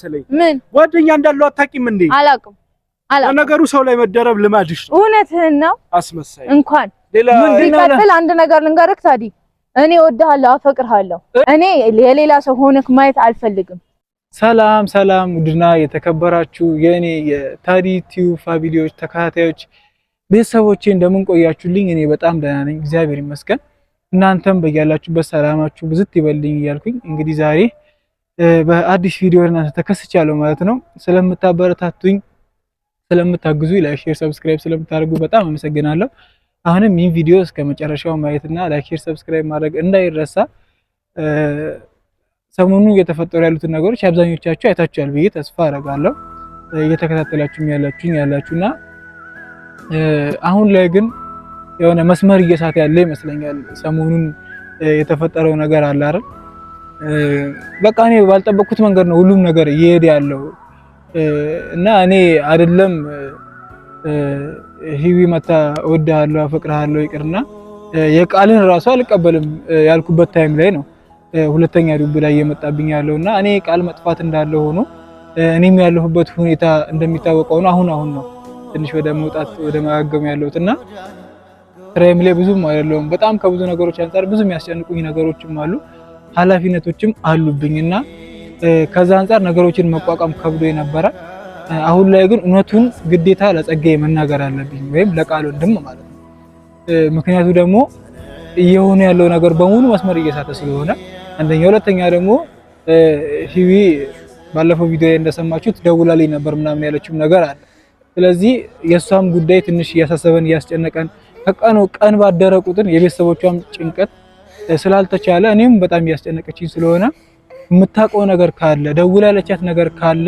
መሰለኝ። ምን ጓደኛ እንዳለው አታውቂም እንዴ? አላውቅም። ነገሩ ሰው ላይ መደረብ ልማድሽ ነው። እውነትህን ነው። አስመሳይ እንኳን ሲቀጥል፣ አንድ ነገር ልንገርህ ታዲ፣ እኔ እወድሃለሁ፣ አፈቅርሃለሁ። እኔ የሌላ ሰው ሆነህ ማየት አልፈልግም። ሰላም ሰላም! ውድና የተከበራችሁ የእኔ የታዲ ቲዩ ፋሚሊዎች ተከታታዮች ቤተሰቦቼ እንደምን ቆያችሁልኝ? እኔ በጣም ደህና ነኝ፣ እግዚአብሔር ይመስገን። እናንተም በያላችሁበት ሰላማችሁ ብዝት ይበልኝ እያልኩኝ እንግዲህ ዛሬ በአዲስ ቪዲዮ እና ተከስቻለሁ ማለት ነው። ስለምታበረታቱኝ፣ ስለምታግዙ፣ ላይክ፣ ሼር፣ ሰብስክራይብ ስለምታደርጉ በጣም አመሰግናለሁ። አሁንም ይህን ቪዲዮ እስከ መጨረሻው ማየትና ላይክ፣ ሼር፣ ሰብስክራይብ ማድረግ እንዳይረሳ። ሰሞኑ እየተፈጠሩ ያሉትን ነገሮች አብዛኞቻችሁ አይታችኋል ብዬ ተስፋ አደርጋለሁ። እየተከታተላችሁም ያላችሁኝ ያላችሁና አሁን ላይ ግን የሆነ መስመር እየሳተ ያለ ይመስለኛል። ሰሞኑን የተፈጠረው ነገር አለ አይደል በቃ እኔ ባልጠበቅኩት መንገድ ነው ሁሉም ነገር እየሄደ ያለው እና እኔ አይደለም ሂዊ መታ እወድሃለሁ፣ አፈቅርሃለሁ ይቅርና የቃልን ራሱ አልቀበልም ያልኩበት ታይም ላይ ነው ሁለተኛ ዱብ ላይ እየመጣብኝ ያለው እና እኔ ቃል መጥፋት እንዳለ ሆኖ እኔም ያለሁበት ሁኔታ እንደሚታወቀው ነው። አሁን አሁን ነው ትንሽ ወደ መውጣት ወደ ማገገም ያለሁት እና ስራዬም ላይ ብዙም አይደለሁም። በጣም ከብዙ ነገሮች አንጻር ብዙ የሚያስጨንቁኝ ነገሮችም አሉ። ኃላፊነቶችም አሉብኝና ከዛ አንጻር ነገሮችን መቋቋም ከብዶ የነበረ አሁን ላይ ግን እውነቱን ግዴታ ለጸጋዬ መናገር አለብኝ ወይም ለቃል ወንድም ማለት ነው። ምክንያቱ ደግሞ እየሆነ ያለው ነገር በሙሉ መስመር እየሳተ ስለሆነ አንደኛ፣ ሁለተኛ ደግሞ ሂዊ ባለፈው ቪዲዮ ላይ እንደሰማችሁት ደውላልኝ ነበር ምናምን ያለችው ነገር አለ። ስለዚህ የእሷም ጉዳይ ትንሽ እያሳሰበን እያስጨነቀን ከቀኑ ቀን ባደረ ቁጥር የቤተሰቦቿም ጭንቀት ስላልተቻለ እኔም በጣም እያስጨነቀችኝ ስለሆነ የምታውቀው ነገር ካለ ደውላ ያለቻት ነገር ካለ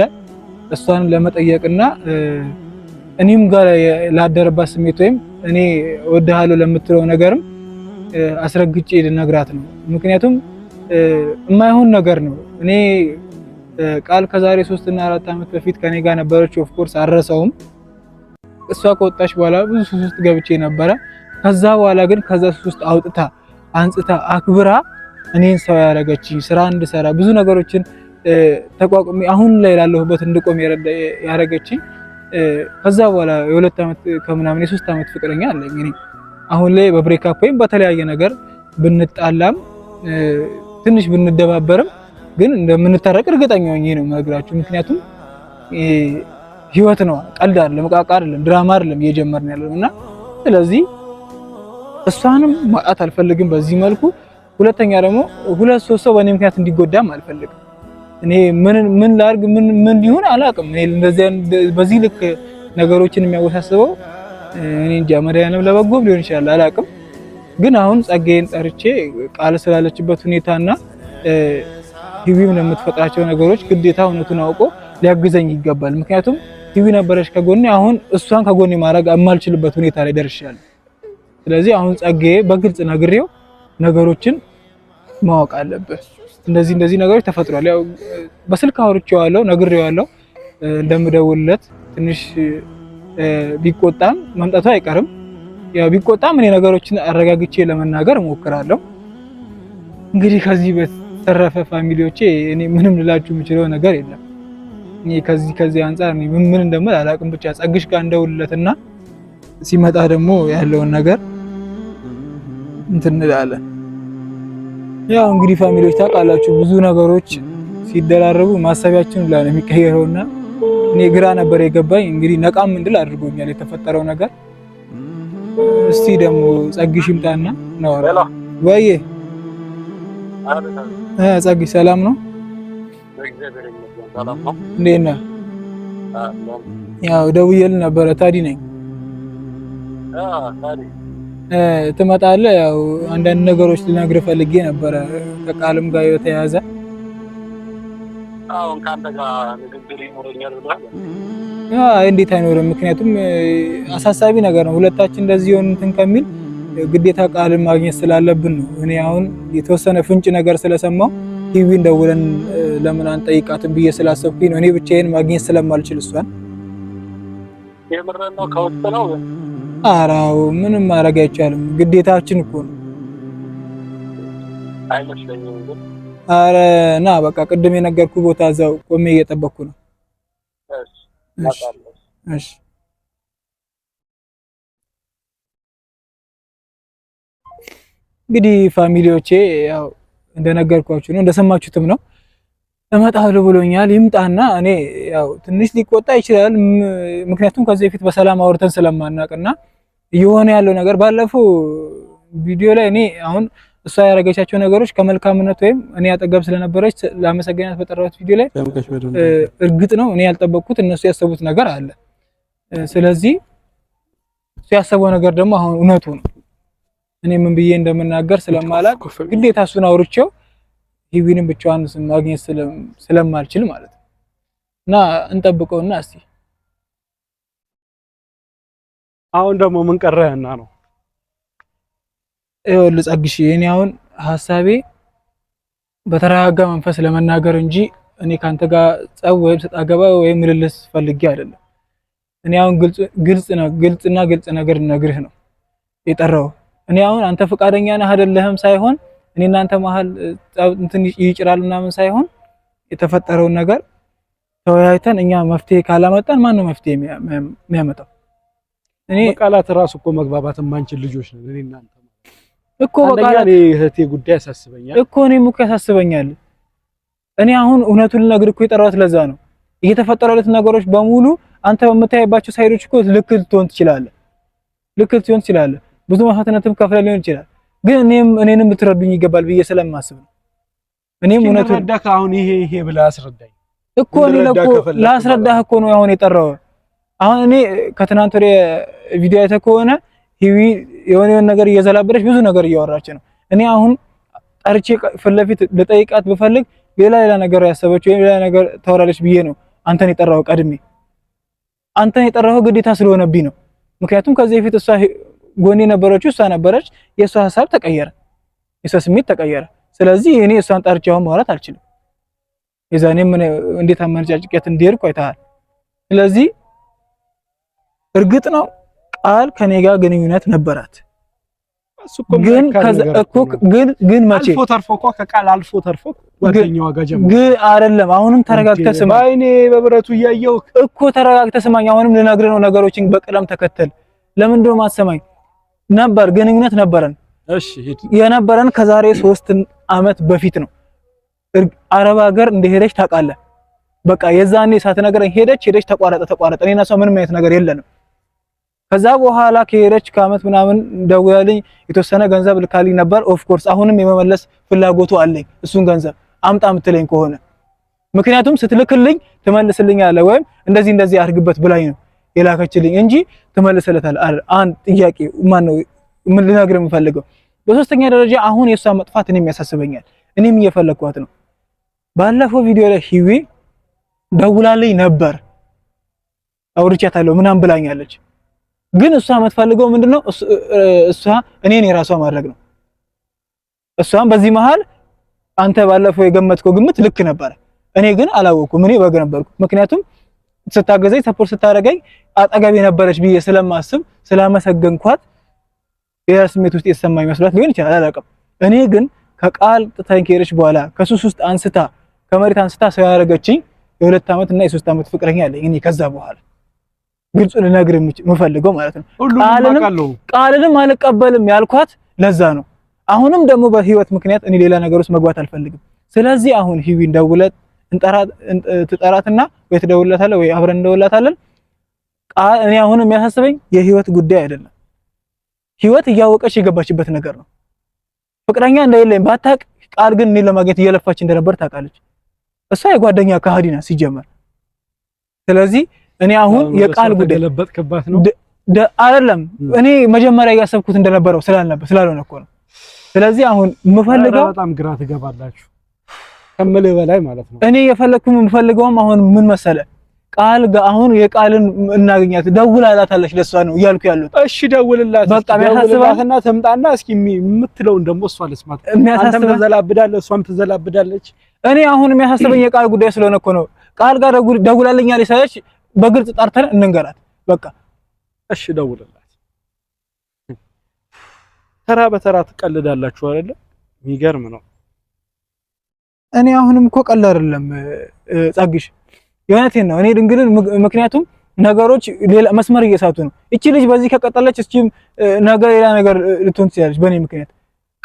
እሷን ለመጠየቅና እኔም ጋር ላደረባት ስሜት ወይም እኔ እወድሃለሁ ለምትለው ነገርም አስረግጬ ልነግራት ነው። ምክንያቱም የማይሆን ነገር ነው። እኔ ቃል ከዛሬ ሶስት እና አራት ዓመት በፊት ከኔ ጋር ነበረች። ኦፍኮርስ አረሰውም። እሷ ከወጣች በኋላ ብዙ ሱስ ውስጥ ገብቼ ነበረ። ከዛ በኋላ ግን ከዛ ሱስ ውስጥ አውጥታ አንጽታ አክብራ እኔን ሰው ያደረገችኝ ስራ እንድሰራ ብዙ ነገሮችን ተቋቁሜ አሁን ላይ ላለሁበት እንድቆም ያደረገችኝ ከዛ በኋላ የሁለት ዓመት ከምናምን የሶስት ዓመት ፍቅረኛ አለኝ። እኔ አሁን ላይ በብሬካፕ ወይም በተለያየ ነገር ብንጣላም ትንሽ ብንደባበርም ግን እንደምንታረቅ እርግጠኛ ሆኜ ነው የምነግራችሁ። ምክንያቱም ህይወት ነው፣ ቀልድ አይደለም፣ እቃቃ አይደለም፣ ድራማ አይደለም እየጀመርን ያለነው እና ስለዚህ እሷንም ማጣት አልፈልግም በዚህ መልኩ። ሁለተኛ ደግሞ ሁለት ሶስት ሰው በእኔ ምክንያት እንዲጎዳም አልፈልግም። እኔ ምን ምን ላርግ ምን ምን ሊሆን አላውቅም። እኔ እንደዚህ በዚህ ልክ ነገሮችን የሚያወሳስበው እኔ እንጃ መድኃኒዓለም ለበጎም ሊሆን ይችላል አላውቅም። ግን አሁን ጸጋዬን ጠርቼ ቃል ስላለችበት ሁኔታና ህዊም ለምትፈጥራቸው ነገሮች ግዴታ እውነቱን አውቆ ሊያግዘኝ ይገባል። ምክንያቱም ህዊ ነበረች ከጎኔ አሁን እሷን ከጎኔ ማድረግ የማልችልበት ሁኔታ ላይ ደርሻለሁ። ስለዚህ አሁን ጸጋዬ በግልጽ ነግሬው ነገሮችን ማወቅ አለበት። እንደዚህ እንደዚህ ነገሮች ተፈጥሯል። ያው በስልክ አውርቼዋለሁ፣ ነግሬዋለሁ እንደምደውልለት ትንሽ ቢቆጣም መምጣቱ አይቀርም። ያው ቢቆጣም እኔ ነገሮችን አረጋግቼ ለመናገር እሞክራለሁ። እንግዲህ ከዚህ በተረፈ ፋሚሊዎቼ እኔ ምንም ልላችሁ የምችለው ነገር የለም። እኔ ከዚህ ከዚህ አንጻር እኔ ምን እንደምል አላውቅም። ብቻ ጸግሽ ጋር እንደውልለትና ሲመጣ ደግሞ ያለውን ነገር እንትን እንላለን። ያው እንግዲህ ፋሚሊዎች ታውቃላችሁ ብዙ ነገሮች ሲደራረቡ ማሰቢያችን ላይ ነው የሚቀየረውና እኔ ግራ ነበር የገባኝ። እንግዲህ ነቃም እንድል አድርጎኛል የተፈጠረው ነገር። እስቲ ደግሞ ጸግሽ ይምጣና ነው ወይ ጸግሽ ሰላም ነው? እንዴት ነህ? ያው ደውዬልህ ነበረ ታዲ ነኝ። ትመጣለህ። ያው አንዳንድ ነገሮች ልነግርህ ፈልጌ ነበረ ከቃልም ጋር የተያያዘ አሁን ካንተ እንዴት አይኖርም? ምክንያቱም አሳሳቢ ነገር ነው። ሁለታችን እንደዚህ የሆን እንትን ከሚል ግዴታ ቃልን ማግኘት ስላለብን ነው። እኔ አሁን የተወሰነ ፍንጭ ነገር ስለሰማው ቲቪ ደውለን ለምን አንጠይቃትም ብዬ ስላሰብኩኝ ነው። እኔ ብቻዬን ማግኘት ስለማልችል እሷን የምር ነው ከውስጥ ነው አራው ምንም ማድረግ አይቻልም። ግዴታችን እኮ ነው። አረ ና በቃ ቅድም የነገርኩ ቦታ እዛው ቆሜ እየጠበኩ ነው። እሺ እንግዲህ ፋሚሊዎቼ ያው እንደነገርኳችሁ ነው፣ እንደሰማችሁትም ነው። እመጣለሁ ብሎኛል ይምጣና፣ እኔ ያው ትንሽ ሊቆጣ ይችላል። ምክንያቱም ከዚህ በፊት በሰላም አውርተን ስለማናቅና እየሆነ ያለው ነገር ባለፈው ቪዲዮ ላይ እኔ አሁን እሷ ያደረገቻቸው ነገሮች ከመልካምነት ወይም እኔ ያጠገብ ስለነበረች ለአመሰገናት በጠራሁት ቪዲዮ ላይ እርግጥ ነው እኔ ያልጠበቅኩት እነሱ ያሰቡት ነገር አለ። ስለዚህ እሱ ያሰበው ነገር ደግሞ አሁን እውነቱ ነው። እኔ ምን ብዬ እንደምናገር ስለማላቅ ግዴታ እሱን አውርቼው ሂዊንም ብቻዋን ማግኘት ስለማልችል ማለት ነው እና እንጠብቀውና እስቲ አሁን ደግሞ ምን ቀረህና ነው? ይኸውልህ ጸግሽ፣ እኔ አሁን ሀሳቤ በተረጋጋ መንፈስ ለመናገር እንጂ እኔ ካንተ ጋር ጸብ ወይም ስጣገባ ወይም ምልልስ ፈልጌ አይደለም። እኔ አሁን ግልጽ ነው ግልጽና ግልጽ ነገር ነግርህ ነው የጠራው። እኔ አሁን አንተ ፈቃደኛ ነህ አይደለህም ሳይሆን እኔ እናንተ መሀል እንትን ይጭራል ምናምን ሳይሆን የተፈጠረውን ነገር ተወያይተን እኛ መፍትሄ ካላመጣን ማን ነው መፍትሄ የሚያመጣው? እኔ ቃላት ራሱ እኮ መግባባት የማንችል ልጆች ነን። እኔ እናንተ እኮ በቃላት እኔ እህቴ ጉዳይ ያሳስበኛል እኮ እኔም እኮ ያሳስበኛል። እኔ አሁን እውነቱን ልነግር እኮ የጠራሁት ለዛ ነው። እየተፈጠረለት ነገሮች በሙሉ አንተ በምታይባቸው ሳይዶች እኮ ልክ ልትሆን ትችላለህ፣ ልክ ልትሆን ትችላለህ። ብዙ መስዋዕትነትም ከፍለህ ሊሆን ይችላል ግን እኔም እኔንም ይገባል ብዬ ስለማስብ ነው። እኔም ረዳክ። አሁን ይሄ ይሄ ብለህ አስረዳኝ እኮ እኔ ለኮ ላስረዳህ እኮ ነው አሁን የጠራው። አሁን እኔ ከትናንት ቪዲዮ አይተህ ከሆነ ሂዊ የሆነ ነገር ብዙ ነገር እያወራች ነው። እኔ አሁን ጠርቼ ፊት ለፊት ልጠይቃት ብፈልግ ሌላ ሌላ ነገር ያሰበች ወይም ሌላ ነገር ታወራለች ብዬ ነው አንተን ቀድሜ አንተን ግዴታ ስለሆነብኝ ነው። ምክንያቱም ከዚህ በፊት እሷ ጎን የነበረችው እሷ ነበረች። የእሷ ሀሳብ ተቀየረ፣ የእሷ ስሜት ተቀየረ። ስለዚህ እኔ እሷን ጠርቼ አሁን ማውራት አልችልም። የዛኔ ምን እንዴት አመነጫጭቄያት እንደሄድኩ አይተሃል። ስለዚህ እርግጥ ነው ቃል ከኔ ጋር ግንኙነት ነበራት፣ ግን እኮ ግን ግን መቼ አልፎ ተርፎ እኮ ከቃል አልፎ ተርፎ ጓደኛዋ ጋር ጀመረ። ግን አይደለም አሁንም ተረጋግተህ ስማኝ። አይኔ በብረቱ እያየሁህ እኮ ተረጋግተህ ስማኝ። አሁንም ልነግርህ ነው ነገሮችን በቅደም ተከተል ለምን እንደሆነ አትሰማኝ ነበር፣ ግንኙነት ነበረን። እሺ የነበረን ከዛሬ ሶስት አመት በፊት ነው። አረብ ሀገር እንደሄደች ታውቃለህ። በቃ የዛኔ ሳትነግረኝ ሄደች ሄደች፣ ተቋረጠ ተቋረጠ። እኔና ሰው ምንም አይነት ነገር የለንም። ከዛ በኋላ ከሄደች ከአመት ምናምን ደውያልኝ የተወሰነ ገንዘብ ልካልኝ ነበር። ኦፍ ኮርስ አሁንም የመመለስ ፍላጎቱ አለኝ። እሱን ገንዘብ አምጣ ምትለኝ ከሆነ ምክንያቱም ስትልክልኝ ትመልስልኛለህ ወይም እንደዚህ እንደዚህ አድርግበት ብላኝ ነው የላከችልኝ እንጂ ትመልስለታል። አንድ ጥያቄ ማን ነው ምን የምፈልገው በሶስተኛ ደረጃ አሁን የእሷ መጥፋት እኔም ያሳስበኛል። እኔም እየፈለግኳት ነው። ባለፈው ቪዲዮ ላይ ሂዊ ደውላልኝ ነበር አውርቻታለሁ ምናምን ብላኛለች። ግን እሷ የምትፈልገው ምንድነው? እሷ እኔን የራሷ ማድረግ ነው። እሷም በዚህ መሃል አንተ ባለፈው የገመትከው ግምት ልክ ነበር እኔ ግን አላወኩም። እኔ በግ ነበርኩ። ምክንያቱም ስታገዘኝ፣ ሰፖርት ስታደርገኝ አጠገብ የነበረች ብዬ ስለማስብ ስላመሰገንኳት ሌላ ስሜት ውስጥ የተሰማኝ መስሏት ሊሆን ይችላል፣ አላውቅም። እኔ ግን ከቃል ጥታኝ ከሄደች በኋላ ከሱስ ውስጥ አንስታ ከመሬት አንስታ ሰው ያደረገችኝ የሁለት ዓመት እና የሶስት ዓመት ፍቅረኛ አለኝ እኔ ከዛ በኋላ ግልጹ ልነግር የምፈልገው ማለት ነው። ቃልንም አልቀበልም ያልኳት ለዛ ነው። አሁንም ደግሞ በህይወት ምክንያት እኔ ሌላ ነገር ውስጥ መግባት አልፈልግም። ስለዚህ አሁን ሂዊ እንደውለት ትጠራትና ወይ ትደውልላታለህ ወይ አብረን እንደውላታለን እኔ አሁን የሚያሳስበኝ የህይወት ጉዳይ አይደለም። ህይወት እያወቀች የገባችበት ነገር ነው። ፍቅረኛ እንደሌለኝ ባታቅ ቃል ግን እኔን ለማግኘት እየለፋች እንደነበር ታውቃለች። እሷ የጓደኛ ካህዲ ናት ሲጀመር። ስለዚህ እኔ አሁን የቃል ጉዳይ አይደለም። እኔ መጀመሪያ እያሰብኩት እንደነበረው ስላልነበር ስላልሆነ እኮ ነው። ስለዚህ አሁን የምፈልገው በጣም ግራ ትገባላችሁ ከምልህ በላይ ማለት ነው። እኔ የፈለግኩም የምፈልገውም አሁን ምን መሰለህ ቃል አሁን የቃልን እናገኛት ደውላላታለች። ለሷ ነው እያልኩ ያሉት። እሺ ደውልላት፣ በቃ የሚያሳስባትና ተምጣና እስኪ የምትለውን ደግሞ እሷ ልስማት። አንተም ትዘላብዳለህ፣ እሷም ትዘላብዳለች። እኔ አሁን የሚያሳስበኝ የቃል ጉዳይ ስለሆነ እኮ ነው። ቃል ጋር ደውላልኛለች ሳለች በግልጽ ጠርተን እንንገራት። በቃ እሺ ደውልላት። ተራ በተራ ትቀልዳላችሁ አይደለ? የሚገርም ነው። እኔ አሁንም እኮ ቀልድ አይደለም ጸግሽ የእውነቴን ነው። እኔ እንግዲህ ምክንያቱም ነገሮች ሌላ መስመር እየሳቱ ነው። እቺ ልጅ በዚህ ከቀጠለች እስኪም ነገ ሌላ ነገር ልትሆን ትችላለች። በእኔ ምክንያት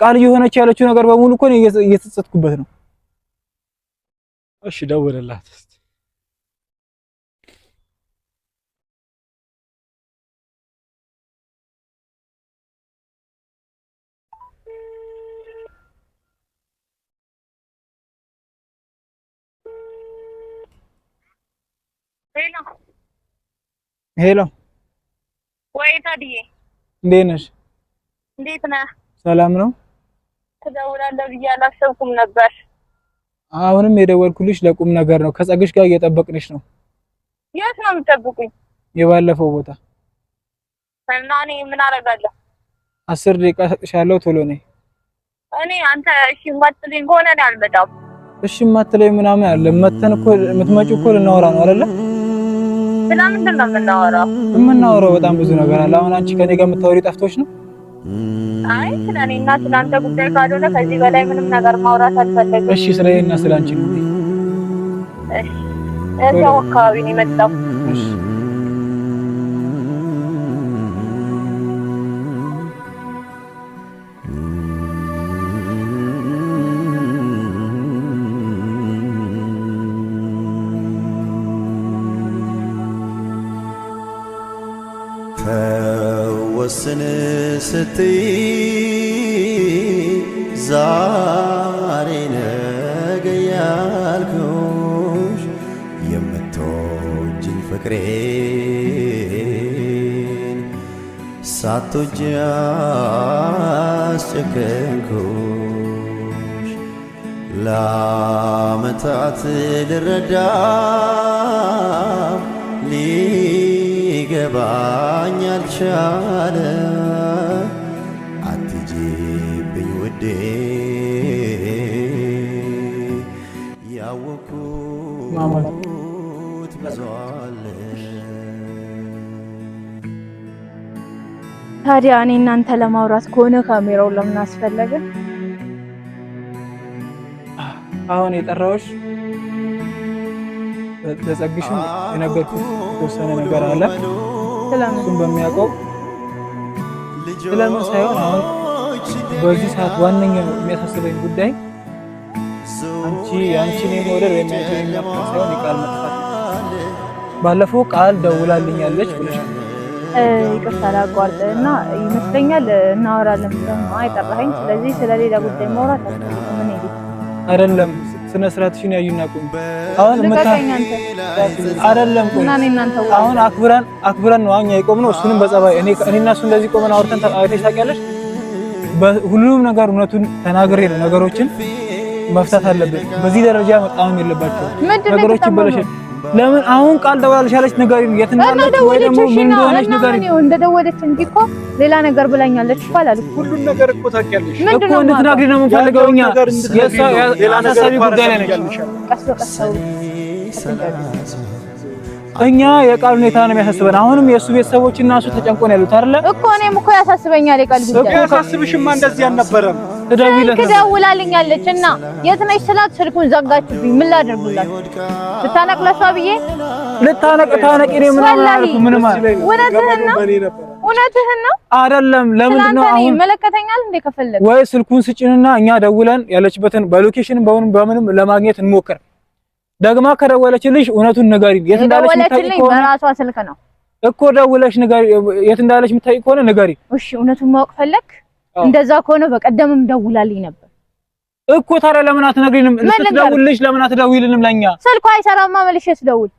ቃል እየሆነች ያለችው ነገር በሙሉ እኮ እየተጸጸትኩበት ነው። እሺ ደውልላት። ሄሎ ሄሎ። ወይ ታዲዬ እንዴት ነሽ? እንዴት ነህ? ሰላም ነው። ትደውላለህ ብዬ አላሰብኩም ነበር። አሁንም የደወልኩልሽ ለቁም ነገር ነው። ከጸግሽ ጋር እየጠበቅንሽ ነው። የት ነው የምጠብቁኝ? የባለፈው ቦታ እና እኔ ምን አደርጋለሁ? አስር ደቂቃ ሰጥሻለሁ። ቶሎ ነይ። እኔ አንተ እሺ የማትለኝ ከሆነ እኔ አልመጣም። እሺ የማትለኝ ምናምን አለ መተን እኮ የምትመጪው እኮ ልናወራ ነው አይደለ? ስለምንድን ነው የምናወራው? የምናወራው በጣም ብዙ ነገር አለ። አሁን አንቺ ከኔ ጋር የምታወሪ ጠፍቶች ነው? አይ ስለ እኔና ስለ አንተ ጉዳይ ካልሆነ ከዚህ በላይ ምንም ነገር ማውራት አልፈለግም። እሺ ስለ እኔና ስለ አንቺ ነው። እሺ እዛው አካባቢ ነው የመጣው ስትይ ዛሬ ነገ ያልኩሽ የምትወጂኝ ፍቅሬን ሳትወጂ አስጨከንኩሽ ለአመታት ልረዳ ሊገባኝ አልቻለም ታዲያ እኔ እናንተ ለማውራት ከሆነ ካሜራው ለምን አስፈለገ? አሁን የጠራሁሽ በጸግሽም የነገርኩሽ የተወሰነ ነገር አለ። ስለምን በሚያውቀው ስለምን ሳይሆን አሁን በዚህ ሰዓት ዋነኛው የሚያሳስበኝ ጉዳይ አንቺ አንቺን የመውደድ ወይም አንቺን የሚያፈቅር ሳይሆን የቃል መጥፋት። ባለፈው ቃል ደውላልኛለች ብለሻል ይቅርታ ላቋርጥ እና ይመስለኛል እናወራለን ብለህ ነው አይጠራኸኝ። ስለዚህ ስለሌላ ጉዳይ ማውራት ምን እኔ አይደለም ስነ ስርዓትሽን ያዩና ቁም። አሁን አይደለም አሁን አክብረን አክብረን ነው አሁን የቆምነው። እሱንም በጸባይ እኔ እኔና እሱ እንደዚህ ቆመን አውርተን ተጣላተሽ ታውቂያለሽ። ሁሉንም ነገር እውነቱን ተናግሬ ነው ነገሮችን መፍታት አለብን። በዚህ ደረጃ መጣመም የለባቸው ነገሮችን በለሽ ለምን አሁን ቃል ደውላለች ያለች ነገር የት እንዳለች ወይ ደግሞ ምን እንደሆነች ነገር እንደደወለች እንጂ እኮ ሌላ ነገር ብላኛለች ይባላል። ሁሉን ነገር እኮ ታውቂያለሽ እኮ እንድትናግሪ ነው የምንፈልገው እኛ አሳሳቢ ጉዳይ ላይ ነው እኛ የቃል ሁኔታ ነው የሚያሳስበን። አሁንም የእሱ ቤተሰቦች እና እሱ ተጨንቆ ነው ያሉት አይደለ እኮ እኔም እኮ ያሳስበኛል የቃል ጉዳይ እኮ ያሳስብሽማ እንደዚህ አልነበረም ስልክ ደውላልኛለች እና የት ነሽ ስላት ስልኩን ዘጋችብኝ። ምን ላደርጉላት? ልታነቅ ለሷ ብዬ ልታነቅ ታነቂ ነው ምናምን አልኩ። ምንም አልኩ። እውነትህን ነው አይደለም። ለምንድን ነው አሁን ይመለከተኛል እንዴ? ከፈለግ ወይ ስልኩን ስጭንና እኛ ደውለን ያለችበትን በሎኬሽን በሁን በምንም ለማግኘት እንሞክር። ደግማ ከደወለችልሽ እውነቱን ንገሪን። የት እንዳለች የምታውቂው በራሷ ስልክ ነው እኮ ደውለሽ ንገሪ። የት እንዳለች የምታውቂው ከሆነ ንገሪ። እሺ እውነቱን ማወቅ ፈለግ እንደዛ ከሆነ በቀደምም ደውላልኝ ነበር እኮ ታዲያ ለምን አትነግሪንም? ስትደውልልሽ ለምን አትደውይልንም ለኛ? ስልኳ አይሰራማ መልሼ ስደውል።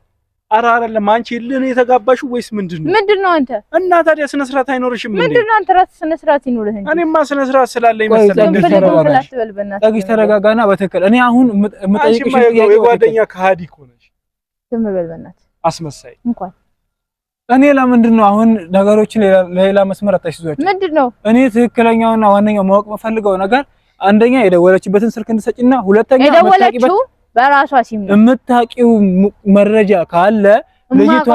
ኧረ አይደለም አንቺ ልን የተጋባሽ ወይስ ምንድን ነው? ምንድን ነው አንተ? እና ታዲያ ስነ ስርዓት አይኖርሽም? ምንድን ነው አንተ ራስ ስነ ስርዓት ይኖርህ እንጂ። እኔማ ስነ ስርዓት ስላለኝ መሰለኝ። ጠጊሽ ተረጋጋና፣ በትክክል እኔ አሁን የምጠይቅሽ የጓደኛ ከሃዲ እኮ ነሽ። ዝም በል በእናትህ አስመሳይ እንኳን እኔ ለምንድን ነው አሁን ነገሮችን ለሌላ መስመር አታስይዟቸው? ምንድን ነው እኔ ትክክለኛውና ዋነኛው ማወቅ መፈልገው ነገር አንደኛ የደወለችበትን ስልክ እንድሰጭና ሁለተኛ የደወለችው በራሷ ሲም የምታውቂው መረጃ ካለ ልጅቷ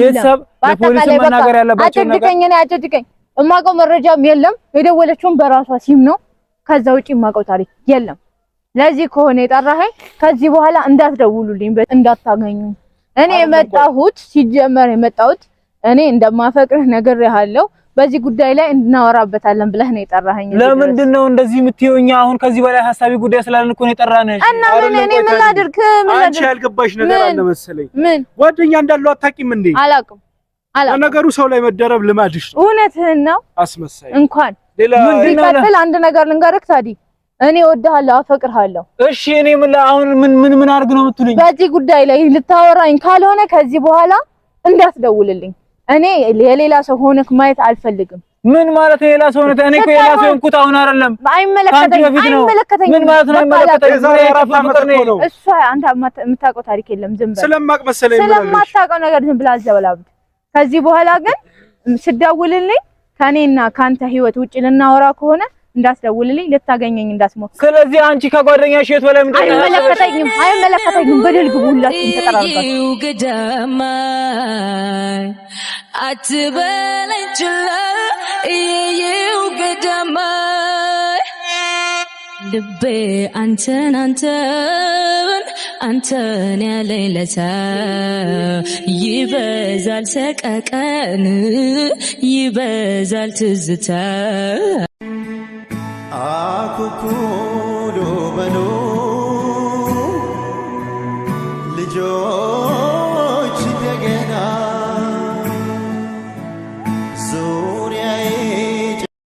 የለም፣ ለፖሊስ መናገር ያለባቸው ነገር አትድቀኝ፣ እኔ አትድቀኝ። የማውቀው መረጃም የለም የደወለችውን በራሷ ሲም ነው። ከዛ ውጪ የማውቀው ታሪክ የለም። ለዚህ ከሆነ የጠራኸኝ ከዚህ በኋላ እንዳትደውሉልኝ፣ እንዳታገኙ እኔ የመጣሁት ሲጀመር የመጣሁት እኔ እንደማፈቅርህ ነገር ያለው በዚህ ጉዳይ ላይ እናወራበታለን ብለህ ነው የጠራኸኝ። ለምንድን ነው እንደዚህ የምትይውኛ? አሁን ከዚህ በላይ ሀሳቢ ጉዳይ ስላልን እኮ ነው የጠራነሽ። እና ምን እኔ ምን ላድርግ? ምን አንቺ ያልገባሽ ነገር አለ መሰለኝ። ምን ጓደኛ እንዳለው አታውቂም እንዴ? አላውቅም አላውቅም። ነገሩ ሰው ላይ መደረብ ልማድሽ ነው። እውነትህን ነው። አስመሳይ እንኳን ሌላ ምን ቢቀጥል አንድ ነገር ልንገርህ ታዲያ እኔ እወድሃለሁ፣ አፈቅርሃለሁ። እሺ እኔ ምን አሁን ምን ምን ምን አድርግ ነው የምትሉኝ? በዚህ ጉዳይ ላይ ልታወራኝ ካልሆነ ከዚህ በኋላ እንዳትደውልልኝ። እኔ የሌላ ሰው ሆነክ ማየት አልፈልግም። ምን ማለት የሌላ ሰው ነው? እኔ እኮ የሌላ ሰው እንኩት አሁን አይደለም። አይመለከተኝም፣ አይመለከተኝም። ምን ማለት ነው አይመለከተኝም? ዛሬ አራት አመት ነው። እሷ አንተ የምታውቀው ታሪክ የለም። ዝም ብለህ ስለማቅ መሰለኝ ስለማታውቀው ነገር ዝም ብለህ አዘበላብት። ከዚህ በኋላ ግን ስደውልልኝ ከእኔና ከአንተ ህይወት ውጪ ልናወራ ከሆነ እንዳስደውልልኝ ልታገኘኝ እንዳትሞክር። ስለዚህ አንቺ ከጓደኛሽ የት በላይ ምንድነው? አይመለከተኝም፣ አይመለከተኝም። በደል ግቡ። ሁላችሁም ተጠራርጋችሁ ገዳማ አትበለችላ እየው ገዳማ ልቤ አንተን አንተን አንተን ያለኝ ለታ ይበዛል ሰቀቀን ይበዛል ትዝታ louco